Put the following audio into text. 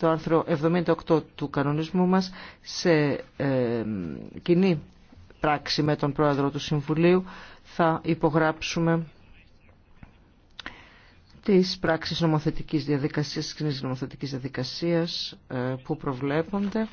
το άρθρο 78 του κανονισμού μας σε ε, κοινή πράξη με τον Πρόεδρο του Συμβουλίου θα υπογράψουμε τις πράξεις νομοθετικής διαδικασίας, κοινής νομοθετικής διαδικασίας ε, που προβλέπονται